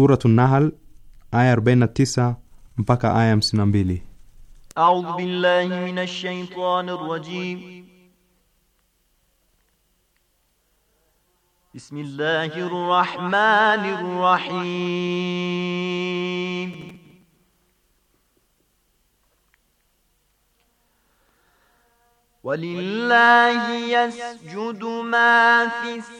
Suratu Nahl aya 49 mpaka aya 52. A'udhu billahi minash shaitani rrajim. Bismillahir rahmanir rahim. Walillahi yasjudu ma fis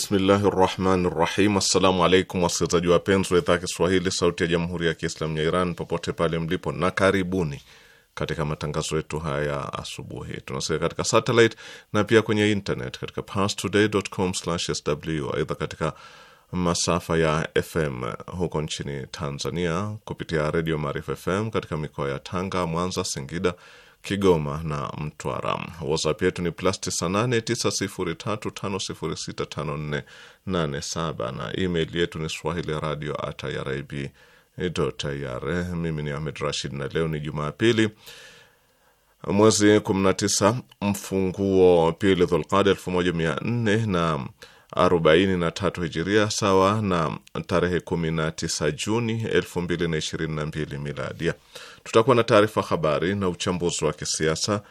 Bismillahi rahmani rahim. Assalamu alaikum wasikilizaji wapenzi wa idhaa Kiswahili sauti ya jamhuri ya Kiislamu ya Iran popote pale mlipo, na karibuni katika matangazo yetu haya ya asubuhi. Tunasikia katika satellite na pia kwenye internet katika parstoday.com/sw. Aidha, katika masafa ya FM huko nchini Tanzania kupitia redio Maarifa FM katika mikoa ya Tanga, Mwanza, Singida Kigoma na Mtwara. WhatsApp yetu ni plus 989035065487 na email yetu ni swahili radio at irib ir. Mimi ni Ahmed Rashid na leo ni Jumapili, mwezi 19 mfunguo pili Dhulqada 1400 na 43 hijiria sawa na tarehe 19 Juni 2022 miladia. Tutakuwa na taarifa habari na uchambuzi wa kisiasa.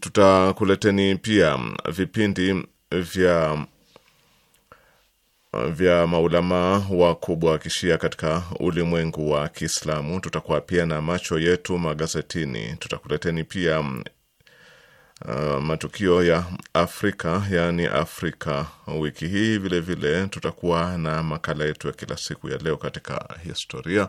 Tutakuleteni pia vipindi vya vya maulamaa wakubwa wa kishia katika ulimwengu wa Kiislamu. Tutakuwa pia na macho yetu magazetini. Tutakuleteni pia uh, matukio ya Afrika yaani Afrika wiki hii. Vilevile vile, tutakuwa na makala yetu ya kila siku ya leo katika historia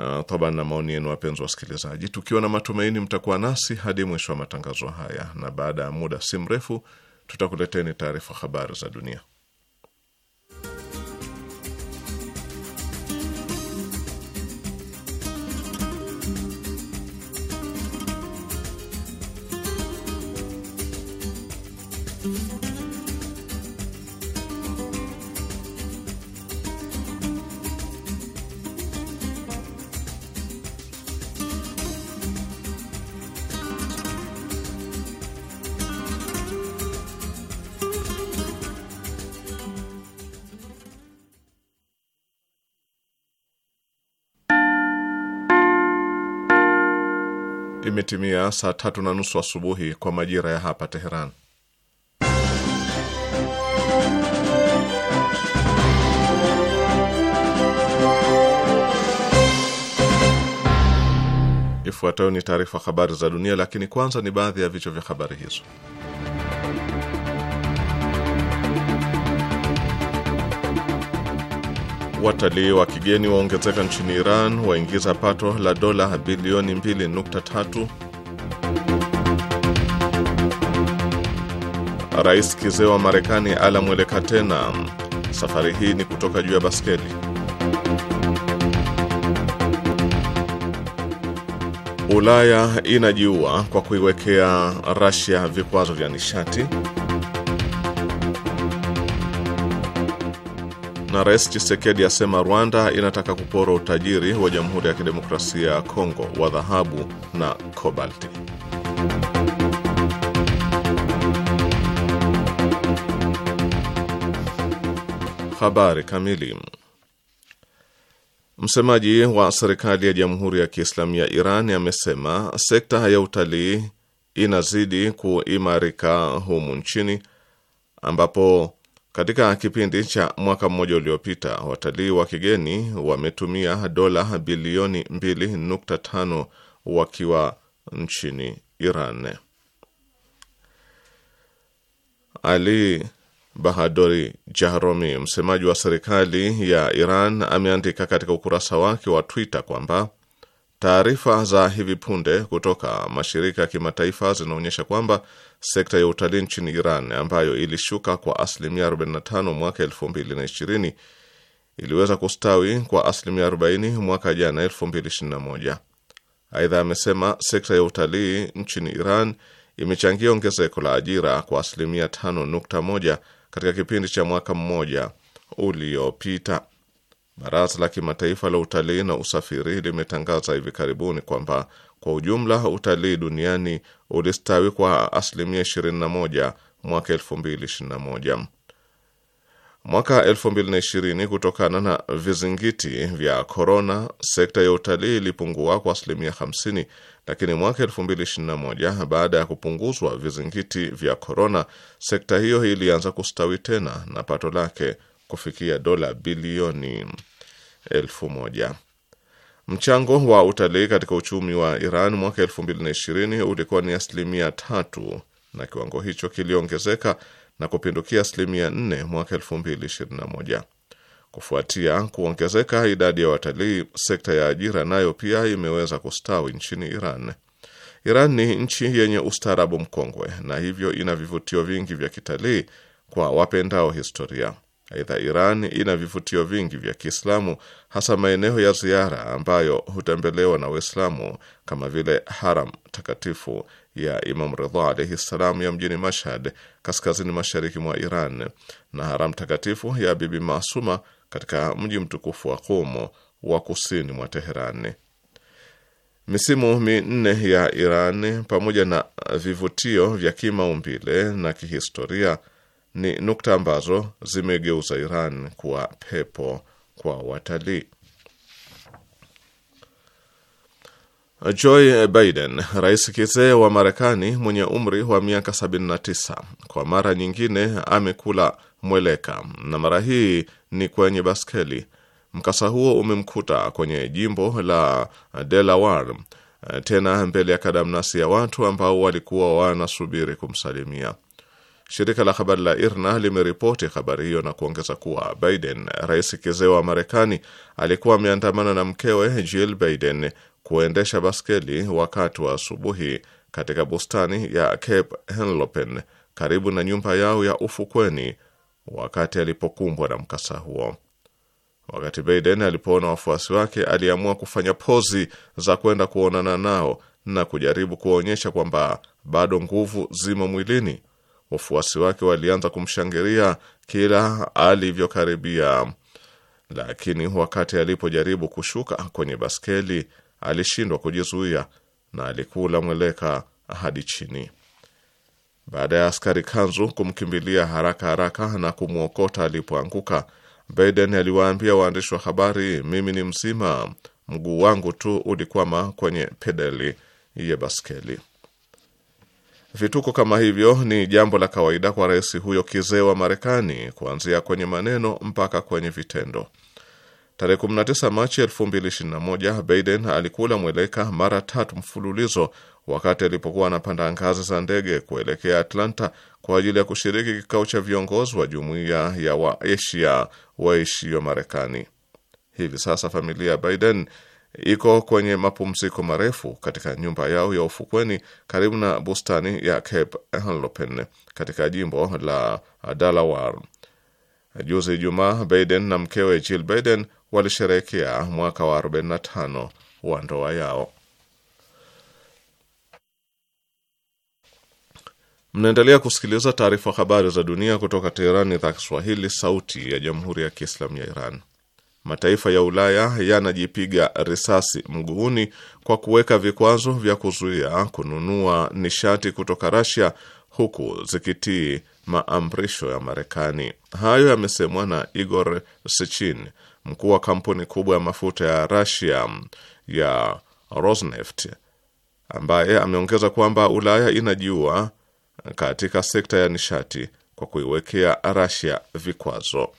uh, toba na maoni yenu wapenzi wasikilizaji, tukiwa na matumaini mtakuwa nasi hadi mwisho wa matangazo haya, na baada ya muda si mrefu tutakuleteni taarifa habari za dunia. imetimia saa tatu na nusu asubuhi kwa majira ya hapa Teheran. Ifuatayo ni taarifa habari za dunia, lakini kwanza ni baadhi ya vichwa vya habari hizo. Watalii wa kigeni waongezeka nchini Iran, waingiza pato la dola bilioni 2.3. Rais kizee wa Marekani alamweleka tena, safari hii ni kutoka juu ya baskeli. Ulaya inajiua kwa kuiwekea Russia vikwazo vya nishati. na Rais Chisekedi asema Rwanda inataka kupora utajiri wa Jamhuri ya Kidemokrasia ya Kongo wa dhahabu na kobalti. Habari kamili. Msemaji wa serikali ya Jamhuri ya Kiislamu ya Iran amesema sekta ya utalii inazidi kuimarika humu nchini ambapo katika kipindi cha mwaka mmoja uliopita, watalii wa kigeni wametumia dola bilioni 2.5 wakiwa nchini Iran. Ali Bahadori Jahromi, msemaji wa serikali ya Iran, ameandika katika ukurasa wake wa Twitter kwamba taarifa za hivi punde kutoka mashirika ya kimataifa zinaonyesha kwamba sekta ya utalii nchini Iran ambayo ilishuka kwa asilimia 45 mwaka 2020 iliweza kustawi kwa asilimia 40 mwaka jana 2021. Aidha, amesema sekta ya utalii nchini Iran imechangia ongezeko la ajira kwa asilimia 5.1 katika kipindi cha mwaka mmoja uliopita. Baraza la Kimataifa la Utalii na Usafiri limetangaza hivi karibuni kwamba kwa ujumla utalii duniani ulistawi kwa asilimia 21 mwaka 2021. Mwaka 2020, kutokana na vizingiti vya korona, sekta ya utalii ilipungua kwa asilimia 50, lakini mwaka 2021, baada ya kupunguzwa vizingiti vya korona, sekta hiyo ilianza kustawi tena na pato lake kufikia dola bilioni elfu moja. Mchango wa utalii katika uchumi wa Iran mwaka 2020 ulikuwa ni asilimia tatu na kiwango hicho kiliongezeka na kupindukia asilimia 4 mwaka 2021. Kufuatia kuongezeka idadi ya watalii, sekta ya ajira nayo pia imeweza kustawi nchini Iran. Iran ni nchi yenye ustaarabu mkongwe na hivyo ina vivutio vingi vya kitalii kwa wapendao historia. Aidha, Iran ina vivutio vingi vya Kiislamu, hasa maeneo ya ziara ambayo hutembelewa na Waislamu kama vile haram takatifu ya Imam Ridha alaihi ssalam ya mjini Mashhad, kaskazini mashariki mwa Iran, na haram takatifu ya Bibi Masuma katika mji mtukufu wa qumu wa kusini mwa Teherani. Misimu minne ya Iran pamoja na vivutio vya kimaumbile na kihistoria ni nukta ambazo zimegeuza Iran kuwa pepo kwa watalii. Joe Biden, rais kizee wa Marekani mwenye umri wa miaka 79, kwa mara nyingine amekula mweleka na mara hii ni kwenye baskeli. Mkasa huo umemkuta kwenye jimbo la Delaware, tena mbele ya kadamnasi ya watu ambao walikuwa wanasubiri kumsalimia. Shirika la habari la IRNA limeripoti habari hiyo na kuongeza kuwa Biden, rais kizee wa Marekani, alikuwa ameandamana na mkewe Jill Biden kuendesha baskeli wakati wa asubuhi katika bustani ya Cape Henlopen karibu na nyumba yao ya ufukweni wakati alipokumbwa na mkasa huo. Wakati Biden alipoona wafuasi wake, aliamua kufanya pozi za kwenda kuonana nao na kujaribu kuonyesha kwamba bado nguvu zimo mwilini wafuasi wake walianza kumshangilia kila alivyokaribia, lakini wakati alipojaribu kushuka kwenye baskeli alishindwa kujizuia na alikula mweleka hadi chini. Baada ya askari kanzu kumkimbilia haraka haraka na kumwokota alipoanguka, Biden aliwaambia waandishi wa habari, mimi ni mzima, mguu wangu tu ulikwama kwenye pedali ya baskeli. Vituko kama hivyo ni jambo la kawaida kwa rais huyo kizee wa Marekani, kuanzia kwenye maneno mpaka kwenye vitendo. Tarehe 19 Machi 2021 Biden alikula mweleka mara tatu mfululizo wakati alipokuwa anapanda ngazi za ndege kuelekea Atlanta kwa ajili ya kushiriki kikao cha viongozi wa jumuiya ya Waasia waishio Marekani. Hivi sasa familia ya Biden iko kwenye mapumziko marefu katika nyumba yao ya ufukweni karibu na bustani ya Cape Henlopen katika jimbo la Delaware. Juzi Ijumaa, Biden na mkewe Jill Biden walisherehekea mwaka wa 45 wa ndoa yao. Mnaendelea kusikiliza taarifa habari za dunia kutoka Teherani, idhaa Kiswahili, sauti ya jamhuri ya kiislamu ya Iran mataifa ya Ulaya yanajipiga risasi mguuni kwa kuweka vikwazo vya kuzuia kununua nishati kutoka Russia huku zikitii maamrisho ya Marekani. Hayo yamesemwa na Igor Sechin, mkuu wa kampuni kubwa ya mafuta ya Russia ya Rosneft, ambaye ameongeza kwamba Ulaya inajiua katika sekta ya nishati kwa kuiwekea Russia vikwazo.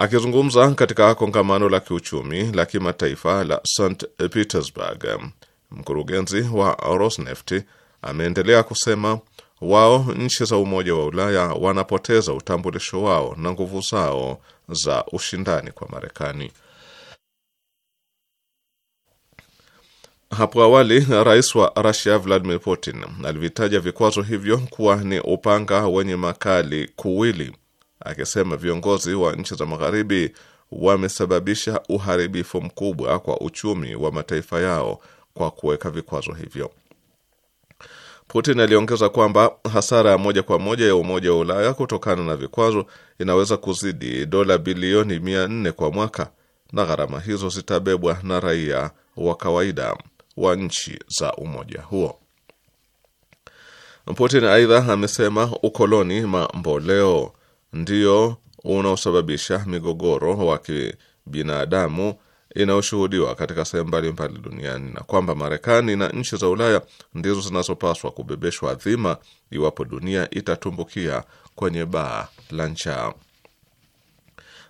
Akizungumza katika kongamano la kiuchumi la kimataifa la St Petersburg, mkurugenzi wa Rosneft ameendelea kusema wao nchi za Umoja wa Ulaya wanapoteza utambulisho wao na nguvu zao za ushindani kwa Marekani. Hapo awali rais wa Rusia Vladimir Putin alivitaja vikwazo hivyo kuwa ni upanga wenye makali kuwili akisema viongozi wa nchi za magharibi wamesababisha uharibifu mkubwa kwa uchumi wa mataifa yao kwa kuweka vikwazo hivyo. Putin aliongeza kwamba hasara ya moja kwa moja ya Umoja wa Ulaya kutokana na vikwazo inaweza kuzidi dola bilioni mia nne kwa mwaka na gharama hizo zitabebwa na raia wa kawaida wa nchi za umoja huo. Putin aidha amesema ukoloni mamboleo ndio unaosababisha migogoro wa kibinadamu inayoshuhudiwa katika sehemu mbalimbali duniani na kwamba Marekani na nchi za Ulaya ndizo zinazopaswa kubebeshwa dhima iwapo dunia itatumbukia kwenye baa la njaa.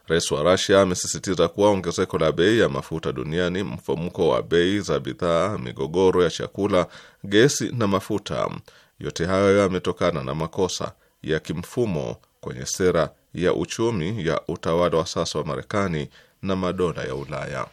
Rais wa Rasia amesisitiza kuwa ongezeko la bei ya mafuta duniani, mfumuko wa bei za bidhaa, migogoro ya chakula, gesi na mafuta, yote hayo yametokana na makosa ya kimfumo kwenye sera ya uchumi ya utawala wa sasa wa Marekani na madola ya Ulaya.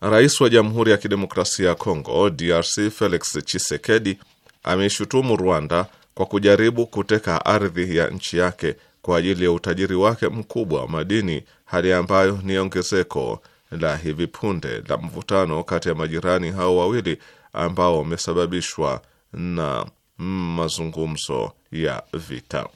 Rais wa Jamhuri ya Kidemokrasia ya Kongo DRC Felix Tshisekedi ameishutumu Rwanda kwa kujaribu kuteka ardhi ya nchi yake kwa ajili ya utajiri wake mkubwa wa madini, hali ambayo ni ongezeko la hivi punde la mvutano kati ya majirani hao wawili ambao umesababishwa na mazungumzo ya vita.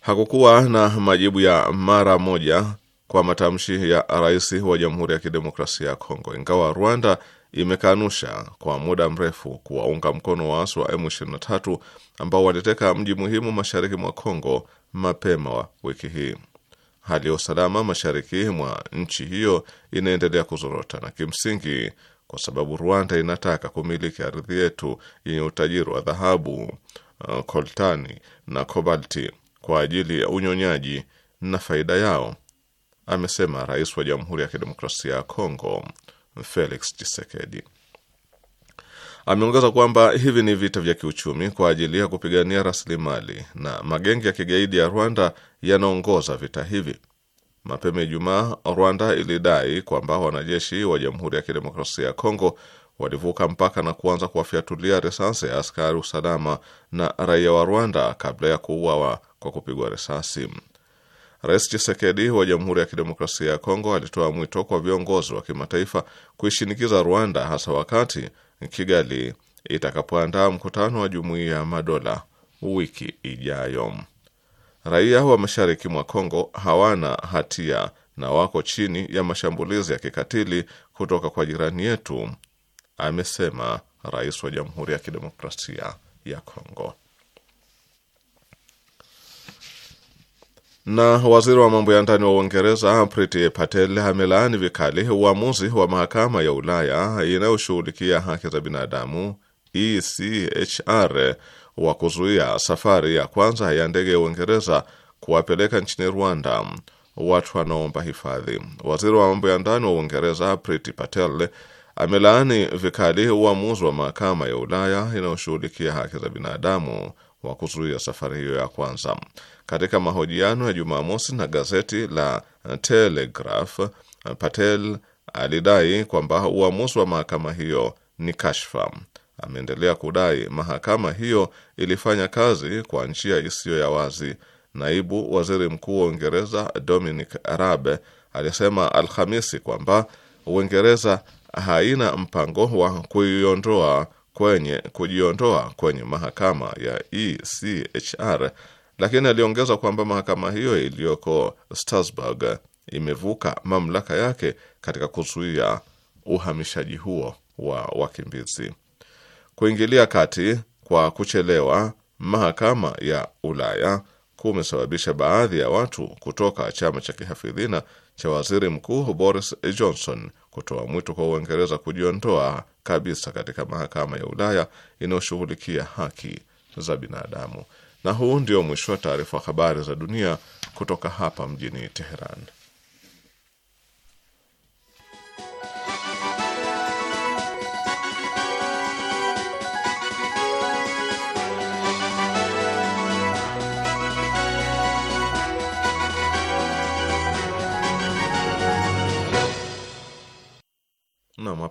Hakukuwa na majibu ya mara moja kwa matamshi ya rais wa Jamhuri ya Kidemokrasia ya Kongo, ingawa Rwanda imekanusha kwa muda mrefu kuwaunga mkono waasi wa M23 ambao waliteka mji muhimu mashariki mwa Kongo mapema wiki hii. Hali ya usalama mashariki mwa nchi hiyo inaendelea kuzorota na kimsingi kwa sababu Rwanda inataka kumiliki ardhi yetu yenye utajiri wa dhahabu, koltani uh, na kobalti kwa ajili ya unyonyaji na faida yao, amesema rais wa Jamhuri ya Kidemokrasia ya Kongo Felix Tshisekedi. Ameongeza kwamba hivi ni vita vya kiuchumi kwa ajili ya kupigania rasilimali na magenge ya kigaidi ya Rwanda yanaongoza vita hivi. Mapema Ijumaa, Rwanda ilidai kwamba wanajeshi wa Jamhuri ya Kidemokrasia ya Kongo walivuka mpaka na kuanza kuwafyatulia risasi ya askari usalama na raia wa Rwanda kabla ya kuuawa kwa kupigwa risasi. Rais chisekedi wa Jamhuri ya Kidemokrasia ya Kongo alitoa mwito kwa viongozi wa kimataifa kuishinikiza Rwanda, hasa wakati Kigali itakapoandaa mkutano wa Jumuiya ya Madola wiki ijayo. Raia wa mashariki mwa Kongo hawana hatia na wako chini ya mashambulizi ya kikatili kutoka kwa jirani yetu, amesema rais wa Jamhuri ya Kidemokrasia ya Kongo. Na waziri wa mambo ya ndani wa Uingereza Priti Patel amelaani vikali uamuzi wa mahakama ya Ulaya inayoshughulikia haki za binadamu ECHR wa kuzuia safari ya kwanza ya ndege ya Uingereza kuwapeleka nchini Rwanda watu wanaomba hifadhi. Waziri wa mambo ya ndani wa Uingereza Priti Patel amelaani vikali uamuzi wa mahakama ya Ulaya inayoshughulikia haki za binadamu wa kuzuia safari hiyo ya kwanza. Katika mahojiano ya Jumamosi na gazeti la Telegraph, Patel alidai kwamba uamuzi wa mahakama hiyo ni kashfa. Ameendelea kudai mahakama hiyo ilifanya kazi kwa njia isiyo ya wazi. Naibu waziri mkuu wa Uingereza Dominic Raab alisema Alhamisi kwamba Uingereza haina mpango wa kuiondoa kwenye kujiondoa kwenye mahakama ya ECHR, lakini aliongeza kwamba mahakama hiyo iliyoko Strasbourg imevuka mamlaka yake katika kuzuia uhamishaji huo wa wakimbizi. Kuingilia kati kwa kuchelewa mahakama ya Ulaya kumesababisha baadhi ya watu kutoka chama cha kihafidhina cha waziri mkuu Boris Johnson kutoa mwito kwa Uingereza kujiondoa kabisa katika mahakama ya Ulaya inayoshughulikia haki za binadamu. Na huu ndio mwisho wa taarifa habari za dunia kutoka hapa mjini Teheran.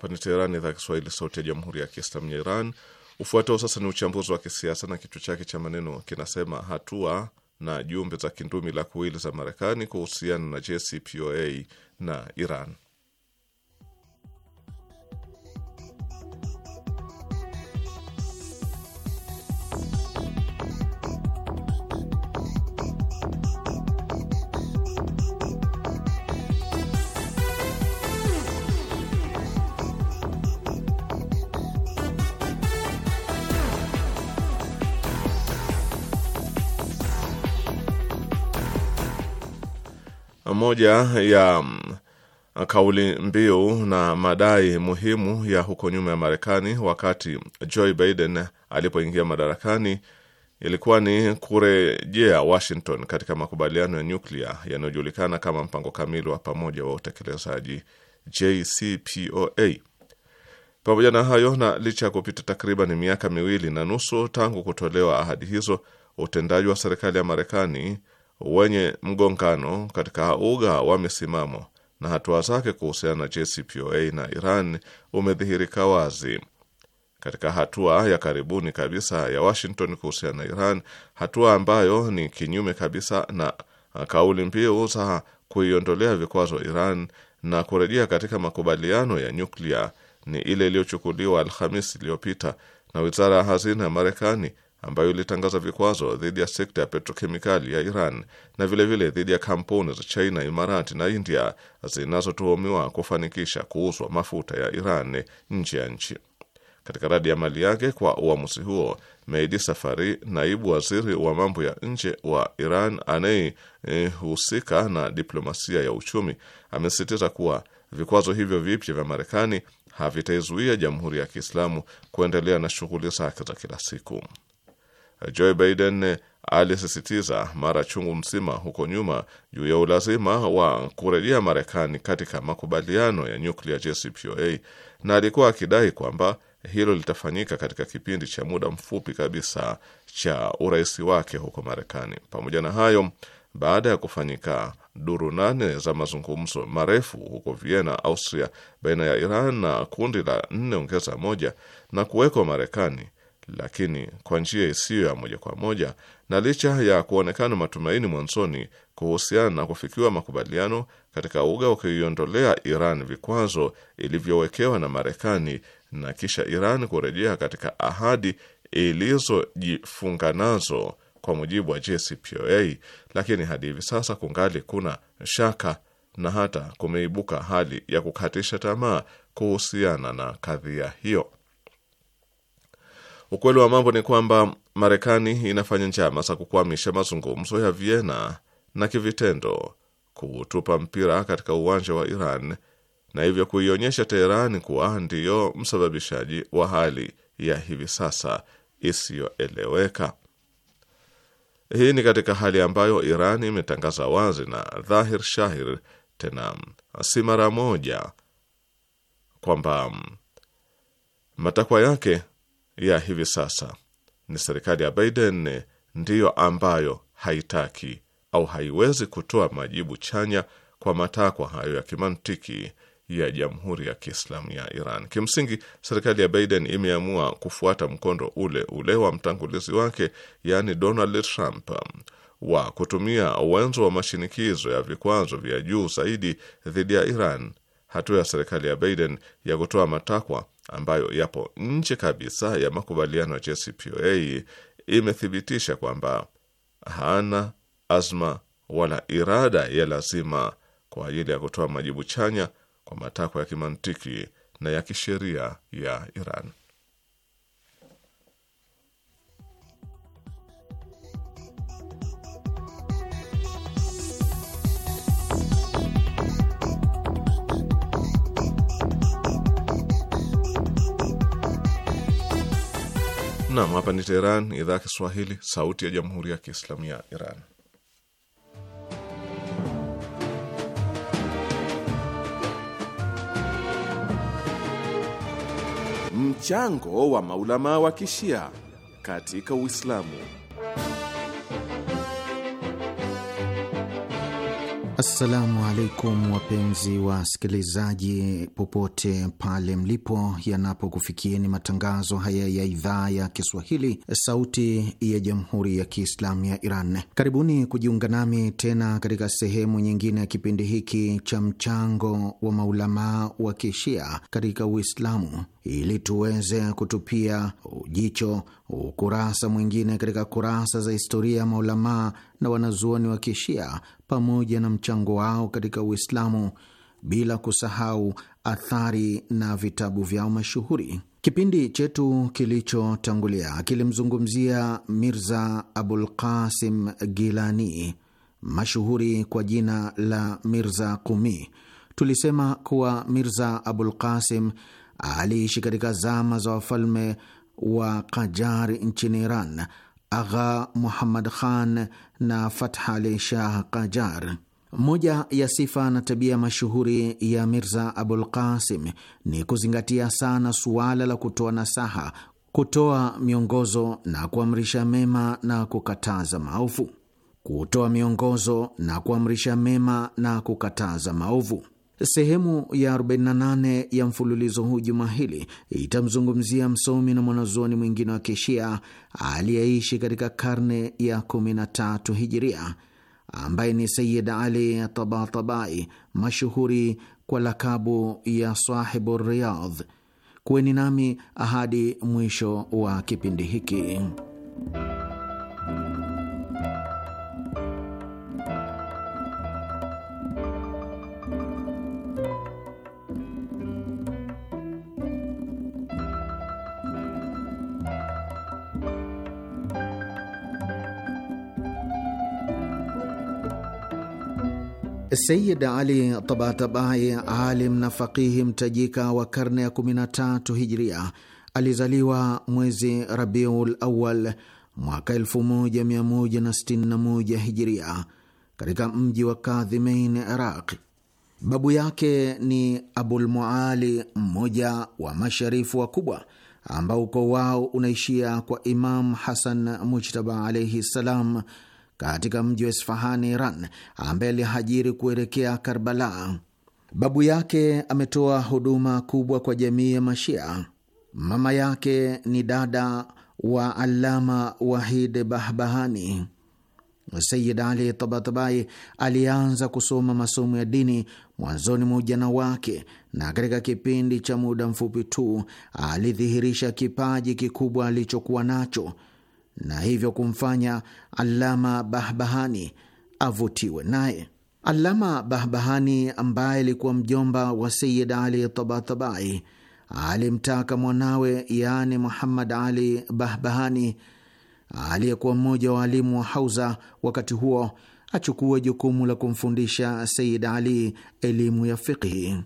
Hapa ni Teherani, idhaa ya Kiswahili, sauti ya jamhuri ya kiislamu ya Iran. Ufuatao sasa ni uchambuzi wa kisiasa na kichwa chake cha maneno kinasema hatua na jumbe za kindumi la kuwili za Marekani kuhusiana na JCPOA na Iran. moja ya mm, kauli mbiu na madai muhimu ya huko nyuma ya Marekani wakati Joe Biden alipoingia madarakani ilikuwa ni kurejea Washington katika makubaliano ya nyuklia yanayojulikana kama mpango kamili wa pamoja wa utekelezaji JCPOA. Pamoja na hayo, na licha ya kupita takriban miaka miwili na nusu tangu kutolewa ahadi hizo, utendaji wa serikali ya Marekani wenye mgongano katika uga wa misimamo na hatua zake kuhusiana na JCPOA na Iran umedhihirika wazi. Katika hatua ya karibuni kabisa ya Washington kuhusiana na Iran, hatua ambayo ni kinyume kabisa na kauli mbiu za kuiondolea vikwazo Iran na kurejea katika makubaliano ya nyuklia, ni ile iliyochukuliwa Alhamisi iliyopita na wizara ya hazina ya Marekani ambayo ilitangaza vikwazo dhidi ya sekta ya petrokemikali ya Iran na vilevile dhidi ya kampuni za China, Imarati na India zinazotuhumiwa kufanikisha kuuzwa mafuta ya Iran nje ya nchi. Katika radi ya mali yake kwa uamuzi huo, Meidi Safari, naibu waziri wa mambo ya nje wa Iran anayehusika eh, na diplomasia ya uchumi, amesisitiza kuwa vikwazo hivyo vipya vya Marekani havitaizuia Jamhuri ya Kiislamu kuendelea na shughuli zake za kila siku. Joe Biden alisisitiza mara chungu mzima huko nyuma juu ya ulazima wa kurejea Marekani katika makubaliano ya nyuklia JCPOA na alikuwa akidai kwamba hilo litafanyika katika kipindi cha muda mfupi kabisa cha urais wake huko Marekani. Pamoja na hayo, baada ya kufanyika duru nane za mazungumzo marefu huko Vienna, Austria, baina ya Iran na kundi la nne ongeza moja na kuwekwa Marekani lakini kwa njia isiyo ya moja kwa moja, na licha ya kuonekana matumaini mwanzoni kuhusiana na kufikiwa makubaliano katika uga wa kuiondolea Iran vikwazo ilivyowekewa na Marekani na kisha Iran kurejea katika ahadi ilizojifunga nazo kwa mujibu wa JCPOA, lakini hadi hivi sasa kungali kuna shaka na hata kumeibuka hali ya kukatisha tamaa kuhusiana na kadhia hiyo. Ukweli wa mambo ni kwamba Marekani inafanya njama za kukwamisha mazungumzo ya Vienna na kivitendo kuutupa mpira katika uwanja wa Iran na hivyo kuionyesha Teherani kuwa ndiyo msababishaji wa hali ya hivi sasa isiyoeleweka. Hii ni katika hali ambayo Iran imetangaza wazi na dhahir shahir, tena si mara moja, kwamba matakwa yake ya hivi sasa ni serikali ya Biden ndiyo ambayo haitaki au haiwezi kutoa majibu chanya kwa matakwa hayo ya kimantiki ya Jamhuri ya Kiislamu ya Iran. Kimsingi, serikali ya Biden imeamua kufuata mkondo ule ule wa mtangulizi wake, yaani Donald Trump, wa kutumia wenzo wa mashinikizo ya vikwazo vya juu zaidi dhidi ya Iran hatua ya serikali ya Biden ya kutoa matakwa ambayo yapo nje kabisa ya makubaliano ya JCPOA imethibitisha kwamba hana azma wala irada ya lazima kwa ajili ya kutoa majibu chanya kwa matakwa ya kimantiki na ya kisheria ya Iran. Nam, hapa ni Teheran, idhaa ya Kiswahili, sauti ya jamhuri ya kiislamu ya Iran. Mchango wa maulama wa kishia katika Uislamu. Assalamu alaikum wapenzi wa sikilizaji, popote pale mlipo, yanapokufikieni matangazo haya ya idhaa ya Kiswahili, Sauti ya Jamhuri ya Kiislamu ya Iran. Karibuni kujiunga nami tena katika sehemu nyingine ya kipindi hiki cha mchango wa maulamaa wa kishia katika Uislamu ili tuweze kutupia ujicho ukurasa mwingine katika kurasa za historia ya maulamaa na wanazuoni wa Kishia pamoja na mchango wao katika Uislamu, bila kusahau athari na vitabu vyao mashuhuri. Kipindi chetu kilichotangulia kilimzungumzia Mirza Abul Qasim Gilani, mashuhuri kwa jina la Mirza Qumi. Tulisema kuwa Mirza Abul Qasim aliishi katika zama za wafalme wa kajar nchini Iran, Agha Muhammad Khan na Fath Ali Shah Kajar. Moja ya sifa na tabia mashuhuri ya Mirza Abul Qasim ni kuzingatia sana suala la kutoa nasaha, kutoa miongozo na kuamrisha mema na kukataza maovu, kutoa miongozo na kuamrisha mema na kukataza maovu. Sehemu ya 48 ya mfululizo huu juma hili itamzungumzia msomi na mwanazuoni mwingine wa kishia aliyeishi katika karne ya 13 hijiria ambaye ni Sayid Ali Tabatabai, mashuhuri kwa lakabu ya Sahibu Riyadh. Kuweni nami hadi mwisho wa kipindi hiki. Sayid Ali Tabatabai, alim na faqihi mtajika wa karne ya 13 Hijria, alizaliwa mwezi Rabiul Awal mwaka 1161 Hijria katika mji wa Kadhimain, Iraq. Babu yake ni Abulmuali, mmoja wa masharifu wakubwa ambao ukoo wao unaishia kwa Imam Hasan Mujtaba alaihi ssalam katika mji wa Isfahani, Iran, ambaye alihajiri kuelekea Karbala. Babu yake ametoa huduma kubwa kwa jamii ya Mashia. Mama yake ni dada wa Alama Wahid Bahbahani. Sayid Ali Tabatabai alianza kusoma masomo ya dini mwanzoni mwa ujana wake, na katika kipindi cha muda mfupi tu alidhihirisha kipaji kikubwa alichokuwa nacho na hivyo kumfanya alama Bahbahani avutiwe naye. alama Bahbahani ambaye alikuwa mjomba wa Sayid Ali Tabatabai alimtaka mwanawe, yaani Muhammad Ali Bahbahani aliyekuwa mmoja wa walimu wa hauza wakati huo achukue jukumu la kumfundisha Sayid Ali elimu ya fiqhi.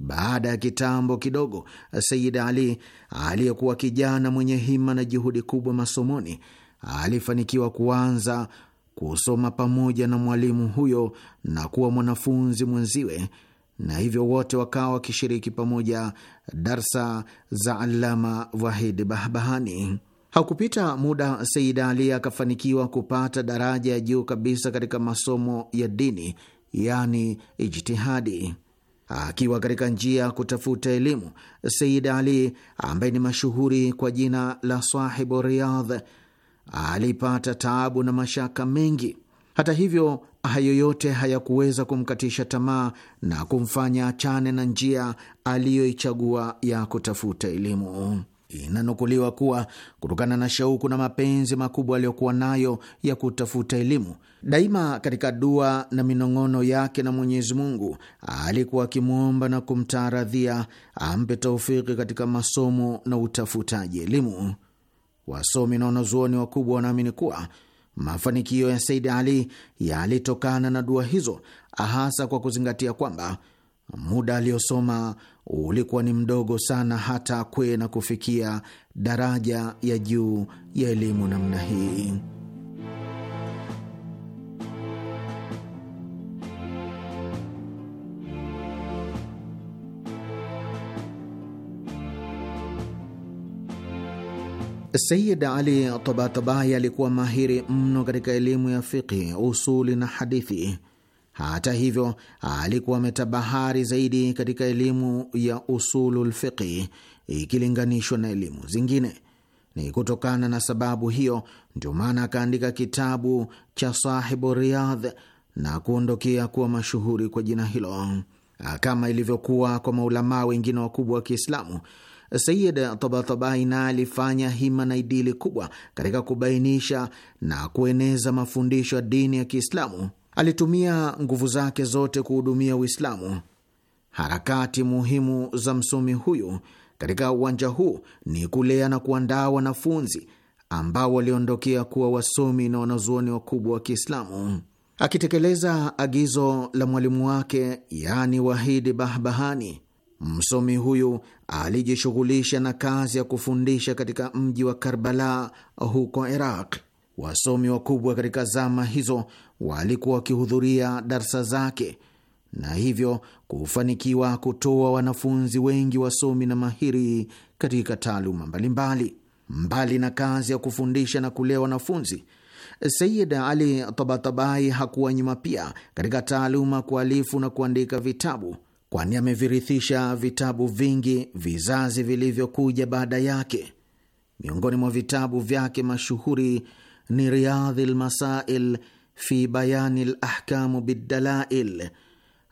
Baada ya kitambo kidogo, Sayid Ali aliyekuwa kijana mwenye hima na juhudi kubwa masomoni alifanikiwa kuanza kusoma pamoja na mwalimu huyo na kuwa mwanafunzi mwenziwe, na hivyo wote wakawa wakishiriki pamoja darsa za Alama Wahid Bahbahani. Hakupita muda, Sayid Ali akafanikiwa kupata daraja ya juu kabisa katika masomo ya dini, yani ijtihadi. Akiwa katika njia ya kutafuta elimu, said Ali ambaye ni mashuhuri kwa jina la Sahibu Riyadh alipata taabu na mashaka mengi. Hata hivyo, hayo yote hayakuweza kumkatisha tamaa na kumfanya achane na njia aliyoichagua ya kutafuta elimu. Inanukuliwa kuwa kutokana na shauku na mapenzi makubwa aliyokuwa nayo ya kutafuta elimu Daima katika dua na minong'ono yake na Mwenyezi Mungu alikuwa akimwomba na kumtaaradhia ampe taufiki katika masomo na utafutaji elimu. Wasomi na wanazuoni wakubwa wanaamini kuwa mafanikio ya Saidi Ali yalitokana na dua hizo, hasa kwa kuzingatia kwamba muda aliyosoma ulikuwa ni mdogo sana, hata kwe na kufikia daraja ya juu ya elimu namna hii. Sayid Ali Tabatabai alikuwa mahiri mno katika elimu ya fiqhi, usuli na hadithi. Hata hivyo, alikuwa ametabahari zaidi katika elimu ya usulul fiqhi ikilinganishwa na elimu zingine. Ni kutokana na sababu hiyo ndio maana akaandika kitabu cha Sahibu Riyadh na kuondokea kuwa mashuhuri kwa jina hilo. Kama ilivyokuwa kwa maulamaa wengine wakubwa wa Kiislamu, Sayid naye alifanya hima na idili kubwa katika kubainisha na kueneza mafundisho ya dini ya Kiislamu. Alitumia nguvu zake zote kuhudumia Uislamu. Harakati muhimu za msomi huyu katika uwanja huu ni kulea na kuandaa wanafunzi ambao waliondokea kuwa wasomi na wanazuoni wakubwa wa Kiislamu. Akitekeleza agizo la mwalimu wake, yaani Wahidi Bahbahani, Msomi huyu alijishughulisha na kazi ya kufundisha katika mji wa Karbala huko Iraq. Wasomi wakubwa katika zama hizo walikuwa wakihudhuria darsa zake na hivyo kufanikiwa kutoa wanafunzi wengi wasomi na mahiri katika taaluma mbalimbali. Mbali na kazi ya kufundisha na kulea wanafunzi, Sayid Ali Tabatabai hakuwa nyuma pia katika taaluma kualifu na kuandika vitabu kwani amevirithisha vitabu vingi vizazi vilivyokuja baada yake. Miongoni mwa vitabu vyake mashuhuri ni Riyadhi lmasail fi bayani lahkamu biddalail,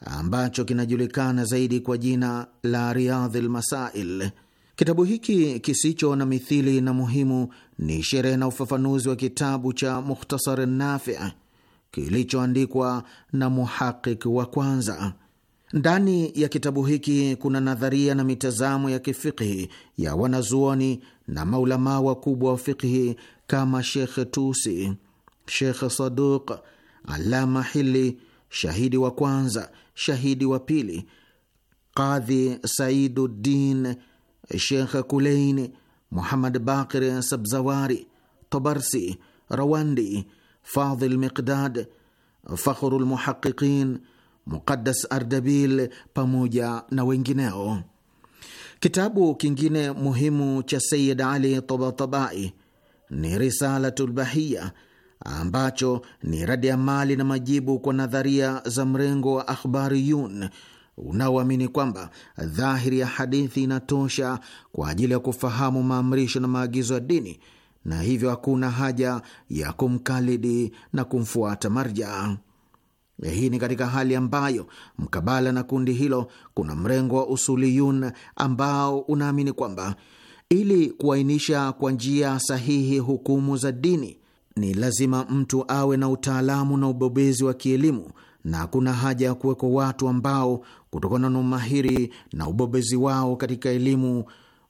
ambacho kinajulikana zaidi kwa jina la Riyadhi lmasail. Kitabu hiki kisicho na mithili na muhimu ni sherehe na ufafanuzi wa kitabu cha Mukhtasar Nafi kilichoandikwa na muhaqiq wa kwanza ndani ya kitabu hiki kuna nadharia na mitazamo ya kifiqhi ya wanazuoni na maulamaa wakubwa wa fiqhi kama Shekh Tusi, Shekh Saduq, Alama Hili, shahidi wa kwanza, shahidi wa pili, Qadhi Saiduddin, Shekh Kuleini, Muhammad Bakir Sabzawari, Tabarsi, Rawandi, Fadhil Miqdad, Fakhrulmuhaqiqin Muqaddas Ardabil pamoja na wengineo. Kitabu kingine muhimu cha Sayid Ali Tabatabai ni Risalatul Bahia ambacho ni radi ya mali na majibu kwa nadharia za mrengo wa akhbariyun unaoamini kwamba dhahiri ya hadithi inatosha kwa ajili ya kufahamu maamrisho na maagizo ya dini na hivyo hakuna haja ya kumkalidi na kumfuata marja. Hii ni katika hali ambayo mkabala na kundi hilo kuna mrengo wa usuliyun ambao unaamini kwamba ili kuainisha kwa njia sahihi hukumu za dini ni lazima mtu awe na utaalamu na ubobezi wa kielimu, na kuna haja ya kuwekwa watu ambao kutokana na umahiri na ubobezi wao katika elimu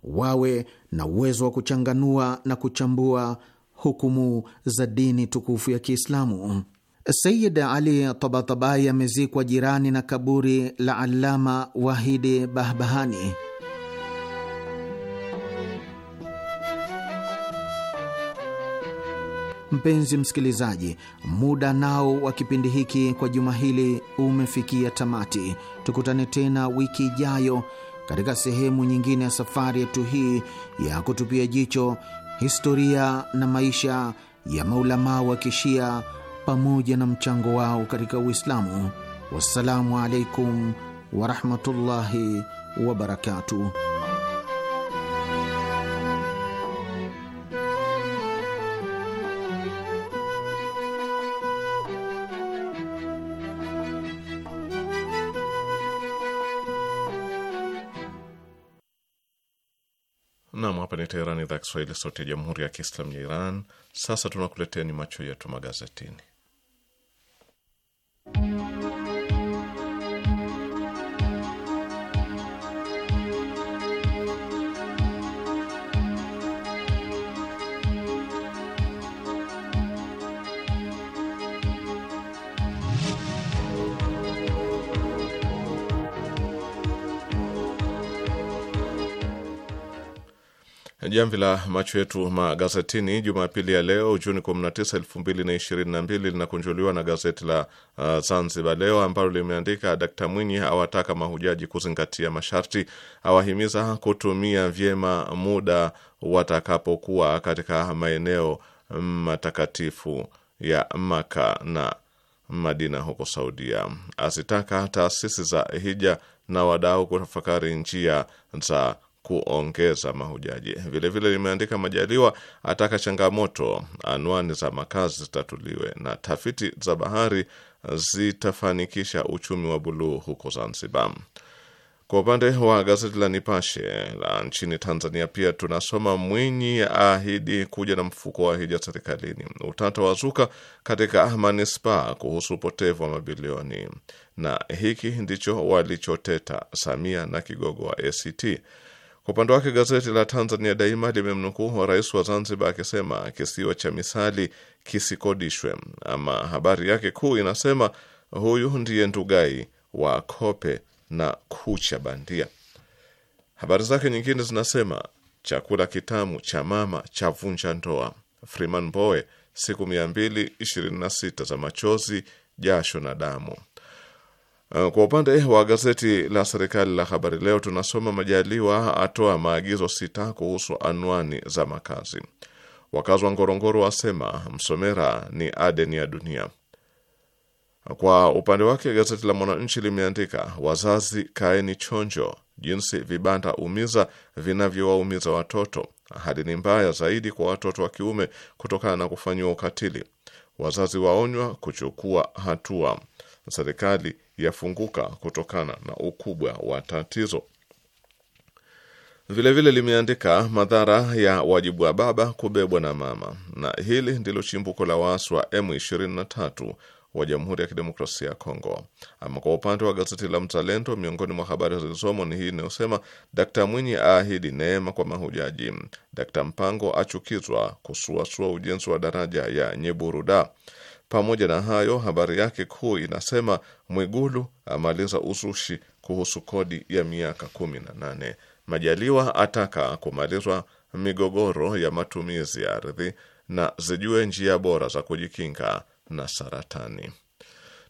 wawe na uwezo wa kuchanganua na kuchambua hukumu za dini tukufu ya Kiislamu. Sayid Ali Tabatabai amezikwa jirani na kaburi la Alama Wahidi Bahbahani. Mpenzi msikilizaji, muda nao wa kipindi hiki kwa juma hili umefikia tamati. Tukutane tena wiki ijayo katika sehemu nyingine ya safari yetu hii ya kutupia jicho historia na maisha ya maulamaa wa Kishia pamoja na mchango wao katika Uislamu. Wassalamu alaikum warahmatullahi wabarakatuh. Nam, hapa ni Teherani, idhaa Kiswahili, sauti ya jamhuri ya kiislamu ya Iran. Sasa tunakuletea ni macho yetu magazetini. jamvi la macho yetu magazetini Jumapili ya leo Juni 19, 2022 linakunjuliwa na gazeti la uh, Zanzibar Leo ambalo limeandika Dkt Mwinyi awataka mahujaji kuzingatia masharti, awahimiza kutumia vyema muda watakapokuwa katika maeneo mm, matakatifu ya Maka na Madina huko Saudia, asitaka taasisi za hija na wadau kutafakari njia za kuongeza mahujaji. Vilevile limeandika Majaliwa ataka changamoto anwani za makazi zitatuliwe, na tafiti za bahari zitafanikisha uchumi wa buluu huko Zanzibar. Kwa upande wa gazeti la Nipashe la nchini Tanzania pia tunasoma Mwinyi ahidi kuja na mfuko wa hija serikalini, utata wazuka katika manispaa kuhusu upotevu wa mabilioni, na hiki ndicho walichoteta Samia na kigogo wa ACT kwa upande wake gazeti la Tanzania Daima limemnukuu rais wa Zanzibar akisema kisiwa cha Misali kisikodishwe. Ama habari yake kuu inasema huyu ndiye Ndugai wa kope na kucha bandia. Habari zake nyingine zinasema chakula kitamu cha mama cha vunja ndoa, Freeman Mbowe siku 226 za machozi, jasho na damu Eh, kwa upande wa gazeti la serikali la Habari Leo tunasoma Majaliwa atoa maagizo sita kuhusu anwani za makazi. Wakazi wa Ngorongoro wasema Msomera ni Aden ya dunia. Kwa upande wake gazeti la Mwananchi limeandika wazazi kaeni chonjo, jinsi vibanda umiza vinavyowaumiza watoto. Hali ni mbaya zaidi kwa watoto wa kiume kutokana na kufanyiwa ukatili. Wazazi waonywa kuchukua hatua. Serikali yafunguka kutokana na ukubwa wa tatizo. Vilevile limeandika madhara ya wajibu wa baba kubebwa na mama, na hili ndilo chimbuko la waasi wa M23 wa Jamhuri ya Kidemokrasia ya Kongo. Ama kwa upande wa gazeti la Mzalendo, miongoni mwa habari zilizomo ni hii inayosema Dkt Mwinyi aahidi neema kwa mahujaji, Dkt Mpango achukizwa kusuasua ujenzi wa daraja ya Nyeburuda, pamoja na hayo, habari yake kuu inasema Mwigulu amaliza uzushi kuhusu kodi ya miaka kumi na nane. Majaliwa ataka kumalizwa migogoro ya matumizi ya ardhi na zijue njia bora za kujikinga na saratani.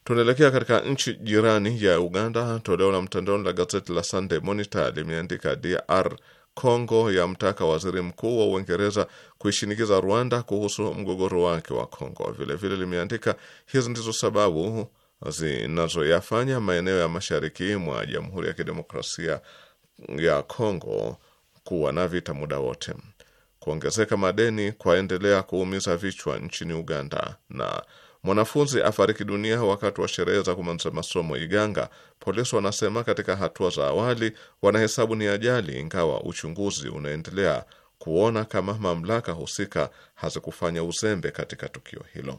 Tunaelekea katika nchi jirani ya Uganda. Toleo la mtandaoni la gazeti la Sunday Monitor limeandika DR Kongo yamtaka waziri mkuu wa Uingereza kuishinikiza Rwanda kuhusu mgogoro wake wa Kongo. Vilevile limeandika hizi ndizo sababu zinazoyafanya maeneo ya mashariki mwa Jamhuri ya Kidemokrasia ya Kongo kuwa na vita muda wote, kuongezeka madeni kwaendelea kuumiza vichwa nchini Uganda na Mwanafunzi afariki dunia wakati wa sherehe za kumaliza masomo Iganga. Polisi wanasema katika hatua za awali wanahesabu ni ajali, ingawa uchunguzi unaendelea kuona kama mamlaka husika hazikufanya uzembe katika tukio hilo.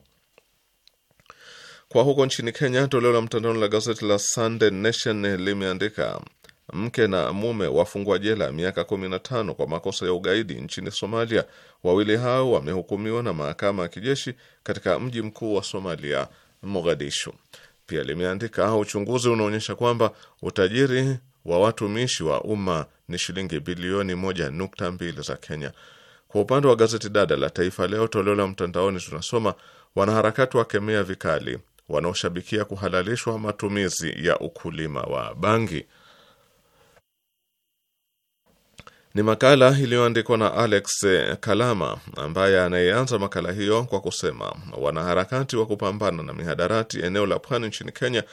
Kwa huko nchini Kenya, toleo la mtandaoni la gazeti la Sunday Nation limeandika Mke na mume wafungwa jela miaka 15 kwa makosa ya ugaidi nchini Somalia. Wawili hao wamehukumiwa na mahakama ya kijeshi katika mji mkuu wa Somalia, Mogadishu. Pia limeandika uchunguzi unaonyesha kwamba utajiri wa watumishi wa umma ni shilingi bilioni 1.2 za Kenya. Kwa upande wa gazeti dada la Taifa Leo toleo la mtandaoni, tunasoma wanaharakati wakemea vikali wanaoshabikia kuhalalishwa matumizi ya ukulima wa bangi. Ni makala iliyoandikwa na Alex Kalama ambaye anayeanza makala hiyo kwa kusema wanaharakati wa kupambana na mihadarati eneo la Pwani nchini Kenya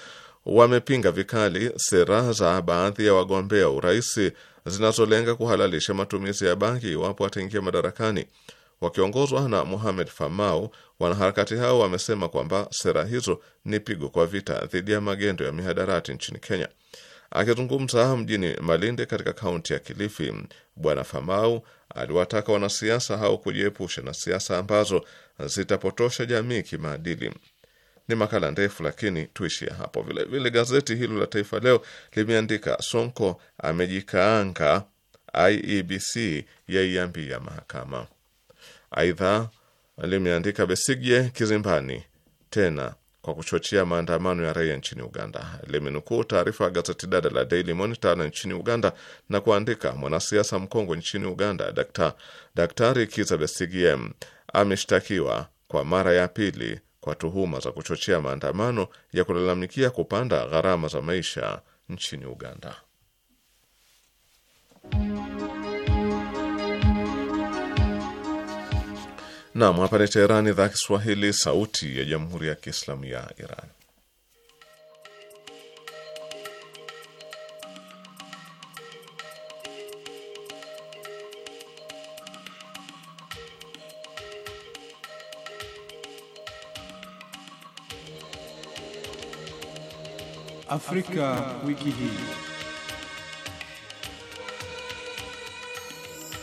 wamepinga vikali sera za baadhi ya wagombea urais zinazolenga kuhalalisha matumizi ya bangi iwapo wataingia madarakani. Wakiongozwa na Mohamed Famau, wanaharakati hao wamesema kwamba sera hizo ni pigo kwa vita dhidi ya magendo ya mihadarati nchini Kenya. Akizungumza mjini Malindi katika kaunti ya Kilifi, Bwana Famau aliwataka wanasiasa hao kujiepusha na siasa ambazo zitapotosha jamii kimaadili. Ni makala ndefu, lakini tuishie hapo. Vilevile vile gazeti hilo la Taifa Leo limeandika Sonko amejikaanga, IEBC yaiambia mahakama. Aidha limeandika Besigye kizimbani tena kwa kuchochea maandamano ya raia nchini Uganda. Limenukuu taarifa ya gazeti dada la Daily Monitor na nchini Uganda na kuandika, mwanasiasa mkongwe nchini Uganda Daktari Daktari Kizza Besigye ameshtakiwa kwa mara ya pili kwa tuhuma za kuchochea maandamano ya kulalamikia kupanda gharama za maisha nchini Uganda. Nam, hapa ni Teheran, idhaa ya Kiswahili, sauti ya jamhuri ya kiislamu ya Iran. Afrika, Afrika wiki hii.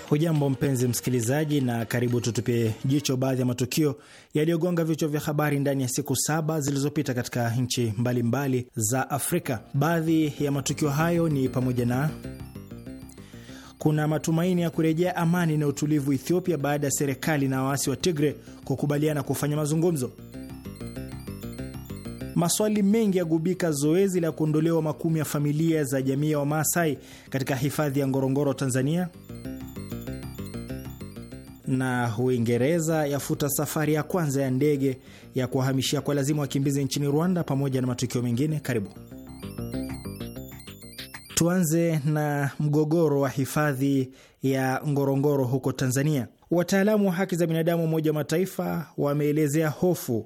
Hujambo mpenzi msikilizaji, na karibu tutupie jicho baadhi ya matukio yaliyogonga vichwa vya habari ndani ya siku saba zilizopita katika nchi mbalimbali za Afrika. Baadhi ya matukio hayo ni pamoja na kuna matumaini ya kurejea amani na utulivu Ethiopia baada ya serikali na waasi wa Tigre kukubaliana kufanya mazungumzo. Maswali mengi yagubika zoezi la kuondolewa makumi ya familia za jamii ya Wamaasai katika hifadhi ya Ngorongoro, Tanzania na Uingereza yafuta safari ya kwanza ya ndege ya kuwahamishia kwa lazima wakimbizi nchini Rwanda, pamoja na matukio mengine. Karibu tuanze na mgogoro wa hifadhi ya Ngorongoro huko Tanzania. Wataalamu wa haki za binadamu wa Umoja wa Mataifa wameelezea hofu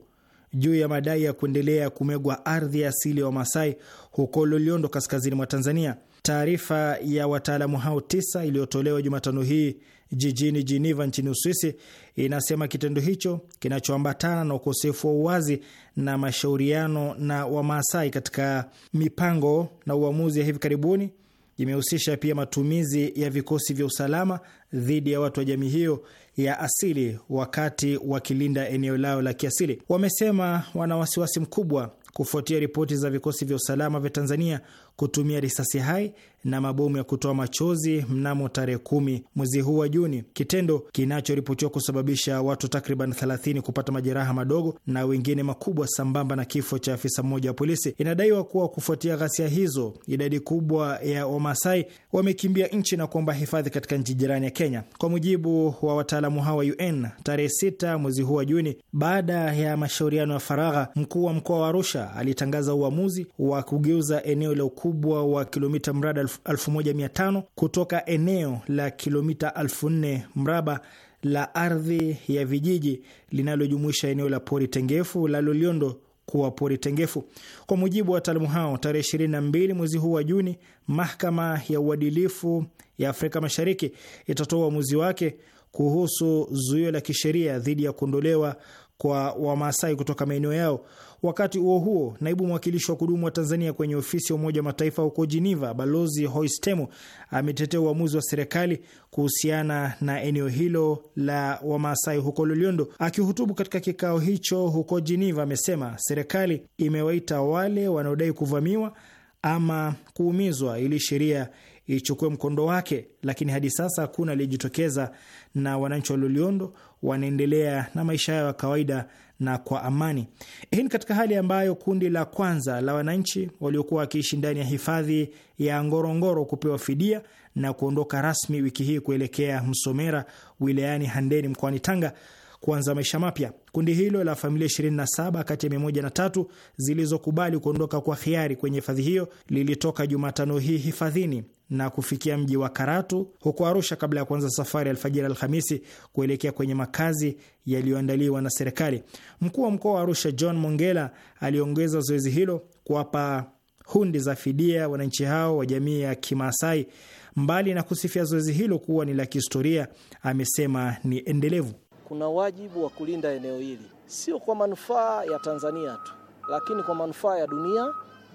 juu ya madai ya kuendelea kumegwa ardhi ya asili ya Wamasai huko Loliondo, kaskazini mwa Tanzania. Taarifa ya wataalamu hao tisa iliyotolewa Jumatano hii jijini jiniva nchini Uswisi inasema kitendo hicho kinachoambatana na ukosefu wa uwazi na mashauriano na Wamaasai katika mipango na uamuzi ya hivi karibuni imehusisha pia matumizi ya vikosi vya usalama dhidi ya watu wa jamii hiyo ya asili wakati wakilinda eneo lao la kiasili. Wamesema wana wasiwasi mkubwa kufuatia ripoti za vikosi vya usalama vya Tanzania kutumia risasi hai na mabomu ya kutoa machozi mnamo tarehe kumi mwezi huu wa Juni, kitendo kinachoripotiwa kusababisha watu takriban 30 kupata majeraha madogo na wengine makubwa, sambamba na kifo cha afisa mmoja wa polisi. Inadaiwa kuwa kufuatia ghasia hizo, idadi kubwa ya Wamasai wamekimbia nchi na kuomba hifadhi katika nchi jirani ya Kenya. Kwa mujibu wa wataalamu hawa wa UN, tarehe sita mwezi huu wa Juni, baada ya mashauriano ya faragha, mkuu wa mkoa wa Arusha alitangaza uamuzi wa kugeuza eneo la ukuu ukubwa wa kilomita mraba 1500 kutoka eneo la kilomita 4000 mraba la ardhi ya vijiji linalojumuisha eneo la pori tengefu la Loliondo kuwa pori tengefu. Kwa mujibu wa wataalamu hao, tarehe 22 mwezi huu wa Juni, mahakama ya uadilifu ya Afrika Mashariki itatoa uamuzi wake kuhusu zuio la kisheria dhidi ya kuondolewa kwa Wamaasai kutoka maeneo yao. Wakati huo huo, naibu mwakilishi wa kudumu wa Tanzania kwenye ofisi ya Umoja wa Mataifa huko Geneva, Balozi Hoistemo ametetea uamuzi wa serikali kuhusiana na eneo hilo la Wamaasai huko Loliondo. Akihutubu katika kikao hicho huko Geneva, amesema serikali imewaita wale wanaodai kuvamiwa ama kuumizwa ili sheria ichukue mkondo wake, lakini hadi sasa hakuna aliyejitokeza, na wananchi wa Loliondo wanaendelea na maisha yao ya kawaida na kwa amani. Hii ni katika hali ambayo kundi la kwanza la wananchi waliokuwa wakiishi ndani ya hifadhi ya Ngorongoro kupewa fidia na kuondoka rasmi wiki hii kuelekea Msomera wilayani Handeni mkoani Tanga kuanza maisha mapya. Kundi hilo la familia 27 kati ya 103 zilizokubali kuondoka kwa hiari kwenye hifadhi hiyo lilitoka Jumatano hii hifadhini na kufikia mji wa Karatu huko Arusha kabla ya kuanza safari alfajiri Alhamisi kuelekea kwenye makazi yaliyoandaliwa na serikali. Mkuu wa mkoa wa Arusha John Mongela aliongeza zoezi hilo kuwapa hundi za fidia wananchi hao wa jamii ya Kimaasai. Mbali na kusifia zoezi hilo kuwa ni la kihistoria, amesema ni endelevu. Kuna wajibu wa kulinda eneo hili, sio kwa manufaa ya Tanzania tu, lakini kwa manufaa ya dunia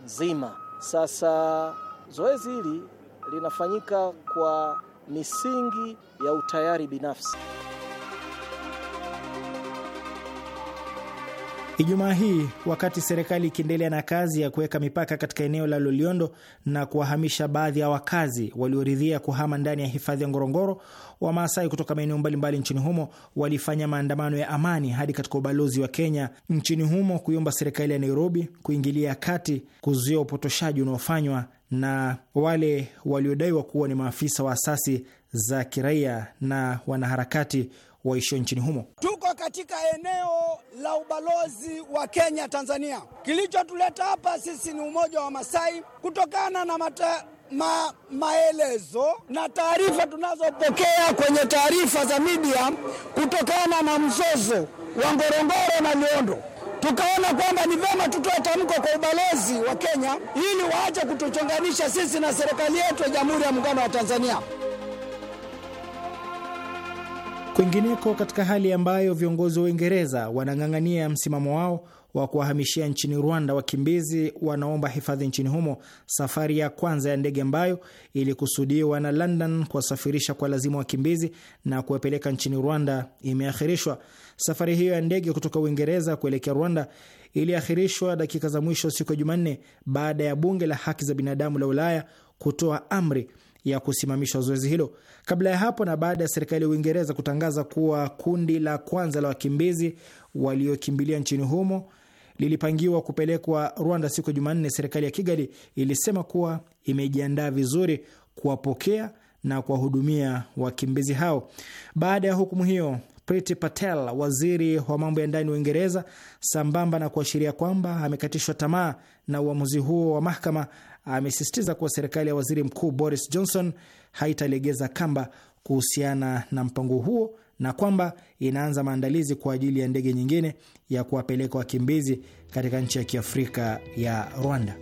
nzima. Sasa zoezi hili linafanyika kwa misingi ya utayari binafsi. Ijumaa hii wakati serikali ikiendelea na kazi ya kuweka mipaka katika eneo la Loliondo na kuwahamisha baadhi ya wakazi walioridhia kuhama ndani ya hifadhi ya Ngorongoro, Wamaasai kutoka maeneo mbalimbali nchini humo walifanya maandamano ya amani hadi katika ubalozi wa Kenya nchini humo kuiomba serikali ya Nairobi kuingilia kati kuzuia upotoshaji unaofanywa na wale waliodaiwa kuwa ni maafisa wa asasi za kiraia na wanaharakati waishio nchini humo. Tuko katika eneo la ubalozi wa Kenya Tanzania. Kilichotuleta hapa sisi ni umoja wa Masai kutokana na mata Ma, maelezo na taarifa tunazopokea kwenye taarifa za media kutokana na mzozo wa Ngorongoro na Liondo tukaona kwamba ni vema tutoe tamko kwa ubalozi wa Kenya ili waache kutuchonganisha sisi na serikali yetu ya Jamhuri ya Muungano wa Tanzania. Kwingineko, katika hali ambayo viongozi wa Uingereza wanang'ang'ania msimamo wao wa kuwahamishia nchini Rwanda wakimbizi wanaomba hifadhi nchini humo, safari ya kwanza ya ndege ambayo ilikusudiwa na London kuwasafirisha kwa lazima wakimbizi na kuwapeleka nchini Rwanda imeahirishwa. Safari hiyo ya ndege kutoka Uingereza kuelekea Rwanda iliahirishwa dakika za mwisho siku ya Jumanne baada ya bunge la haki za binadamu la Ulaya kutoa amri ya kusimamishwa zoezi hilo. Kabla ya hapo na baada ya serikali ya Uingereza kutangaza kuwa kundi la kwanza la wakimbizi waliokimbilia nchini humo lilipangiwa kupelekwa Rwanda siku ya Jumanne, serikali ya Kigali ilisema kuwa imejiandaa vizuri kuwapokea na kuwahudumia wakimbizi hao. Baada ya hukumu hiyo, Priti Patel, waziri wa mambo ya ndani wa Uingereza, sambamba na kuashiria kwamba amekatishwa tamaa na uamuzi huo wa mahakama, amesisitiza kuwa serikali ya waziri mkuu Boris Johnson haitalegeza kamba kuhusiana na mpango huo na kwamba inaanza maandalizi kwa ajili ya ndege nyingine ya kuwapeleka wakimbizi katika nchi ya Kiafrika ya Rwanda.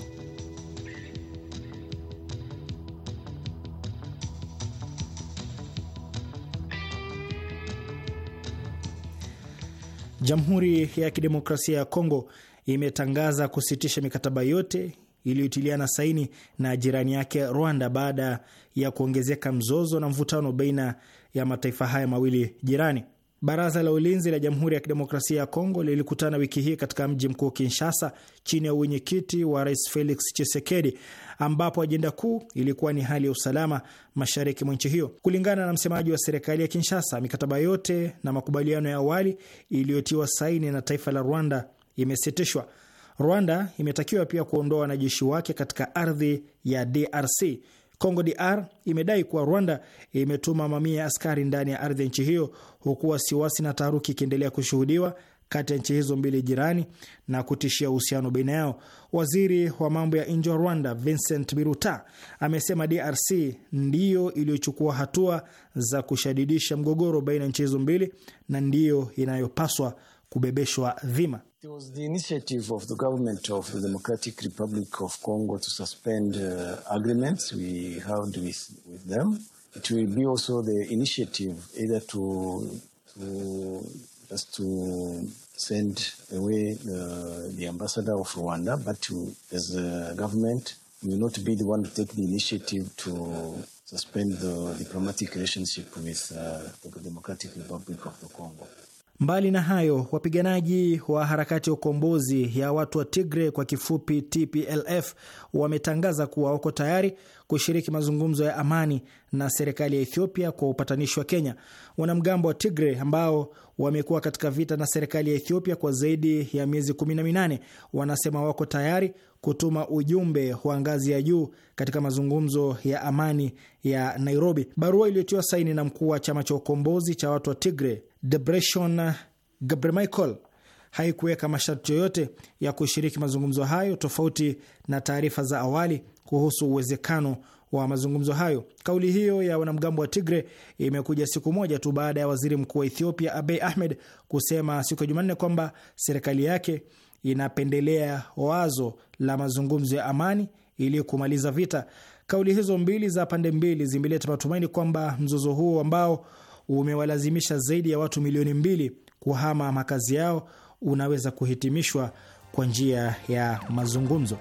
Jamhuri ya Kidemokrasia ya Kongo imetangaza kusitisha mikataba yote iliyotiliana saini na jirani yake Rwanda baada ya kuongezeka mzozo na mvutano baina ya mataifa haya mawili jirani. Baraza la Ulinzi la Jamhuri ya Kidemokrasia ya Kongo lilikutana wiki hii katika mji mkuu Kinshasa chini ya uwenyekiti wa Rais Felix Tshisekedi, ambapo ajenda kuu ilikuwa ni hali ya usalama mashariki mwa nchi hiyo. Kulingana na msemaji wa serikali ya Kinshasa, mikataba yote na makubaliano ya awali iliyotiwa saini na taifa la Rwanda imesitishwa. Rwanda imetakiwa pia kuondoa wanajeshi wake katika ardhi ya DRC. Kongo DR imedai kuwa Rwanda imetuma mamia ya askari ndani ya ardhi ya nchi hiyo, huku wasiwasi na taharuki ikiendelea kushuhudiwa kati ya nchi hizo mbili jirani na kutishia uhusiano baina yao. Waziri wa mambo ya nje wa Rwanda Vincent Biruta amesema DRC ndiyo iliyochukua hatua za kushadidisha mgogoro baina ya nchi hizo mbili na ndiyo inayopaswa kubebeshwa dhima. There was the initiative of the government of the Democratic Republic of Congo to suspend uh, agreements we had with, with them. It will be also the initiative either to, to just to send away the, the ambassador of Rwanda, but to, as a government, will not be the one to take the initiative to suspend the diplomatic relationship with uh, the Democratic Republic of the Congo. Mbali na hayo, wapiganaji wa harakati ya ukombozi ya watu wa Tigre kwa kifupi TPLF wametangaza kuwa wako tayari kushiriki mazungumzo ya amani na serikali ya Ethiopia kwa upatanishi wa Kenya. Wanamgambo wa tigre ambao wamekuwa katika vita na serikali ya Ethiopia kwa zaidi ya miezi 18 wanasema wako tayari kutuma ujumbe wa ngazi ya juu katika mazungumzo ya amani ya Nairobi. Barua iliyotiwa saini na mkuu wa chama cha ukombozi cha watu wa tigre Debretsion Gebremichael haikuweka masharti yoyote ya kushiriki mazungumzo hayo, tofauti na taarifa za awali kuhusu uwezekano wa mazungumzo hayo. Kauli hiyo ya wanamgambo wa Tigre imekuja siku moja tu baada ya waziri mkuu wa Ethiopia Abiy Ahmed kusema siku ya Jumanne kwamba serikali yake inapendelea wazo la mazungumzo ya amani ili kumaliza vita. Kauli hizo mbili za pande mbili zimeleta matumaini kwamba mzozo huo ambao umewalazimisha zaidi ya watu milioni mbili kuhama makazi yao unaweza kuhitimishwa kwa njia ya mazungumzo.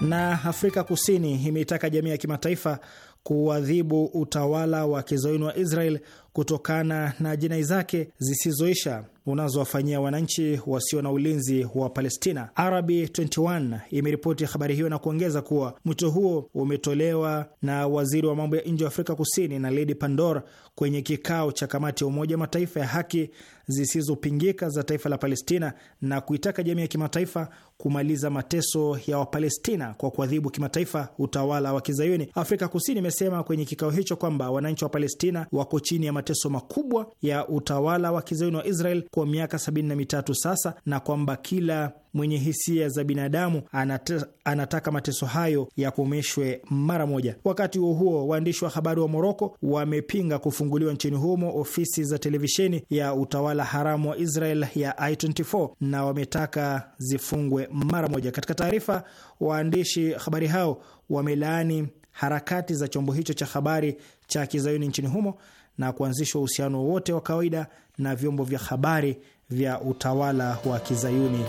Na Afrika Kusini imeitaka jamii ya kimataifa kuadhibu utawala wa kizayuni wa Israel kutokana na jinai zake zisizoisha unazowafanyia wananchi wasio na ulinzi wa Palestina. Arabi 21 imeripoti habari hiyo na kuongeza kuwa mwito huo umetolewa na waziri wa mambo ya nje wa Afrika Kusini na Lady Pandor kwenye kikao cha kamati ya Umoja Mataifa ya haki zisizopingika za taifa la Palestina na kuitaka jamii ya kimataifa kumaliza mateso ya Wapalestina kwa kuadhibu kimataifa utawala wa Kizayuni. Afrika Kusini imesema kwenye kikao hicho kwamba wananchi wa Palestina wako chini ya mateso makubwa ya utawala wa Kizayuni wa Israel kwa miaka mitatu sasa, na kwamba kila mwenye hisia za binadamu anata, anataka mateso hayo yakomeshwe mara moja. Wakati huo huo, waandishi wa habari wa Moroko wamepinga kufunguliwa nchini humo ofisi za televisheni ya utawala haramu wa Israel ya i24 na wametaka zifungwe mara moja. Katika taarifa, waandishi habari hao wamelaani harakati za chombo hicho cha habari cha kizayuni nchini humo na kuanzisha uhusiano wowote wa kawaida na vyombo vya habari vya utawala wa kizayuni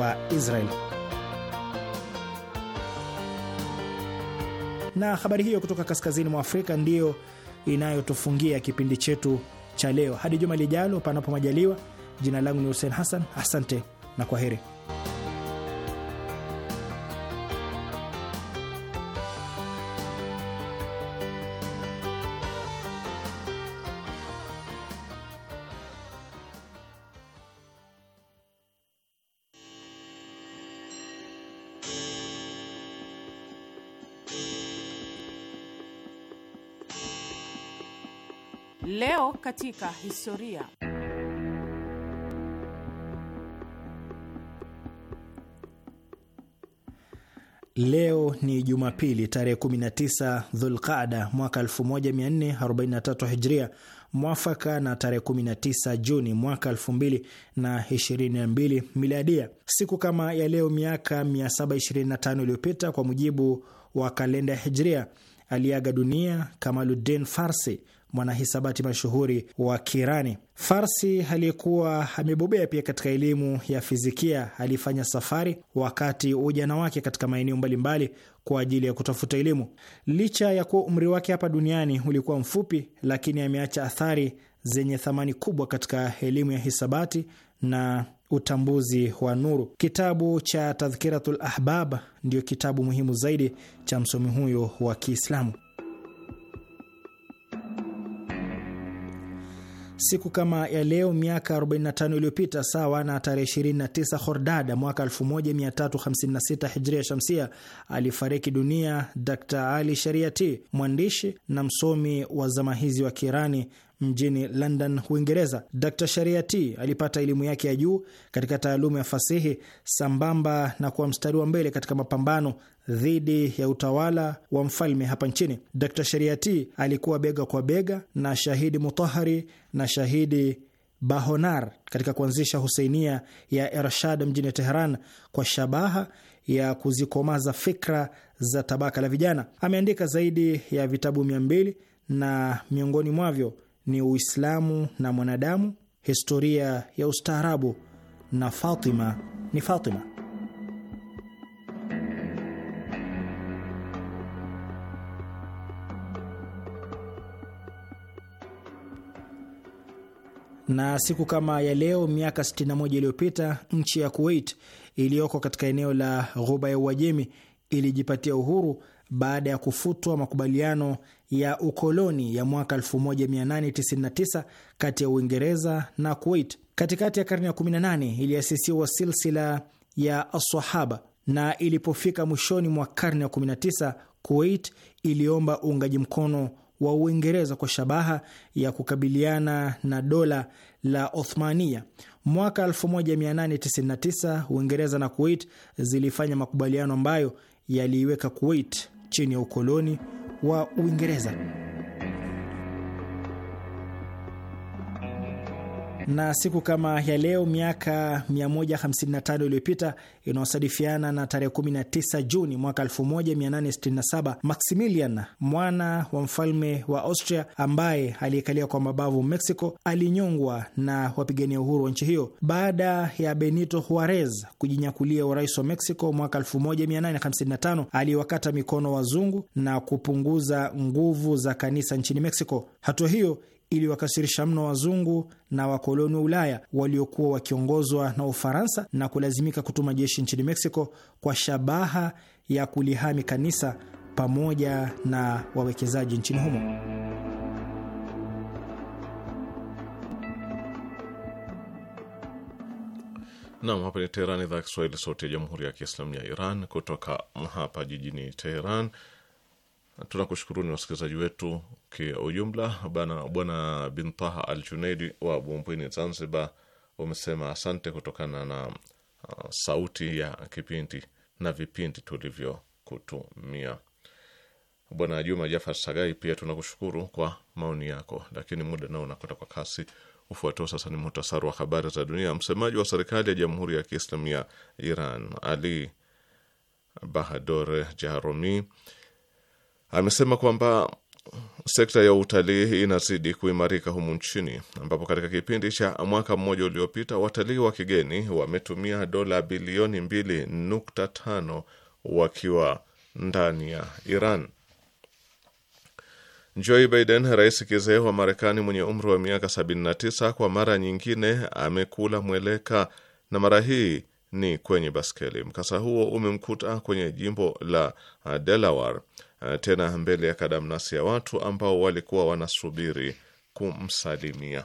wa Israel. Na habari hiyo kutoka kaskazini mwa Afrika ndiyo inayotufungia kipindi chetu cha leo. Hadi juma lijalo, panapo majaliwa. Jina langu ni Hussein Hassan, asante na kwa heri. Leo katika historia. Leo ni Jumapili tarehe 19 Dhulqada mwaka 1443 Hijria, mwafaka na tarehe 19 Juni mwaka 2022 Miladia. Siku kama ya leo miaka 725 iliyopita, kwa mujibu wa kalenda ya Hijria, aliaga dunia Kamaluddin Farsi, mwanahisabati mashuhuri wa Kirani. Farsi aliyekuwa amebobea pia katika elimu ya fizikia alifanya safari wakati wa ujana wake katika maeneo mbalimbali kwa ajili ya kutafuta elimu. Licha ya kuwa umri wake hapa duniani ulikuwa mfupi, lakini ameacha athari zenye thamani kubwa katika elimu ya hisabati na utambuzi wa nuru. Kitabu cha Tadhkiratul Ahbab ndiyo kitabu muhimu zaidi cha msomi huyo wa Kiislamu. Siku kama ya leo miaka 45 iliyopita, sawa na tarehe 29 Khordada mwaka 1356 Hijria Shamsia, alifariki dunia Dr Ali Shariati, mwandishi na msomi wa zama hizi wa Kirani mjini London, Uingereza. Dr Shariati alipata elimu yake ya juu katika taaluma ya fasihi sambamba na kuwa mstari wa mbele katika mapambano dhidi ya utawala wa mfalme hapa nchini. Dr Shariati alikuwa bega kwa bega na Shahidi Mutahari na Shahidi Bahonar katika kuanzisha husainia ya Ershad mjini Teheran kwa shabaha ya kuzikomaza fikra za tabaka la vijana. Ameandika zaidi ya vitabu mia mbili na miongoni mwavyo ni Uislamu na Mwanadamu, Historia ya Ustaarabu na Fatima ni Fatima. na siku kama ya leo miaka 61 iliyopita nchi ya Kuwait iliyoko katika eneo la Ghuba ya Uajemi ilijipatia uhuru baada ya kufutwa makubaliano ya ukoloni ya mwaka 1899 kati ya Uingereza na Kuwait. Katikati ya karne ya 18 iliasisiwa silsila ya Aswahaba, na ilipofika mwishoni mwa karne ya 19 Kuwait iliomba uungaji mkono wa Uingereza kwa shabaha ya kukabiliana na dola la Othmania. Mwaka 1899 Uingereza na Kuwait zilifanya makubaliano ambayo yaliiweka Kuwait chini ya ukoloni wa Uingereza. na siku kama ya leo miaka 155 iliyopita inaosadifiana na tarehe 19 Juni mwaka 1867, Maximilian mwana wa mfalme wa Austria ambaye aliyekalia kwa mabavu Mexico alinyongwa na wapigania uhuru wa nchi hiyo baada ya Benito Juarez kujinyakulia urais wa Mexico mwaka 1855. Aliwakata mikono wazungu na kupunguza nguvu za kanisa nchini Mexico. Hatua hiyo iliwakasirisha mno wazungu na wakoloni wa Ulaya waliokuwa wakiongozwa na Ufaransa na kulazimika kutuma jeshi nchini Mexico kwa shabaha ya kulihami kanisa pamoja na wawekezaji nchini humo. Nam, hapa ni teheran idhaa ya Kiswahili, sauti ya jamhuri ya kiislamu ya Iran, kutoka hapa jijini Teheran. Tunakushukuruni wasikilizaji wetu kiujumla ujumla. Bwana bin Taha al Junaidi wa Bumbwini, Zanzibar, umesema asante kutokana na uh, sauti ya kipindi na vipindi tulivyokutumia. Bwana Juma Jafar Sagai, pia tunakushukuru kwa maoni yako, lakini muda nao unakwenda kwa kasi. Ufuatao sasa ni muhtasari wa habari za dunia. Msemaji wa serikali ya Jamhuri ya Kiislamu ya Iran Ali bahadore Jaromi, amesema kwamba sekta ya utalii inazidi kuimarika humu nchini ambapo katika kipindi cha mwaka mmoja uliopita watalii wa kigeni wametumia dola bilioni mbili nukta tano wakiwa ndani ya Iran. Joe Biden, rais kizee wa Marekani mwenye umri wa miaka 79, kwa mara nyingine amekula mweleka na mara hii ni kwenye baskeli. Mkasa huo umemkuta kwenye jimbo la Delaware Eh, tena mbele ya kadamnasi ya watu ambao walikuwa wanasubiri kumsalimia.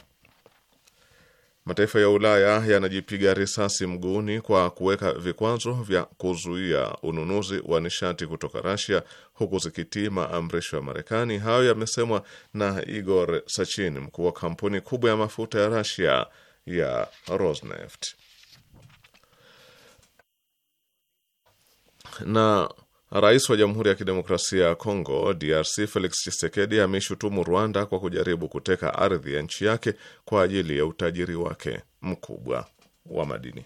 Mataifa ya Ulaya yanajipiga risasi mguuni kwa kuweka vikwazo vya kuzuia ununuzi wa nishati kutoka Rasia huku zikitii maamrisho ya Marekani. Hayo yamesemwa na Igor Sachin, mkuu wa kampuni kubwa ya mafuta ya Rasia ya Rosneft na Rais wa Jamhuri ya Kidemokrasia ya Kongo DRC Felix Tshisekedi ameishutumu Rwanda kwa kujaribu kuteka ardhi ya nchi yake kwa ajili ya utajiri wake mkubwa wa madini.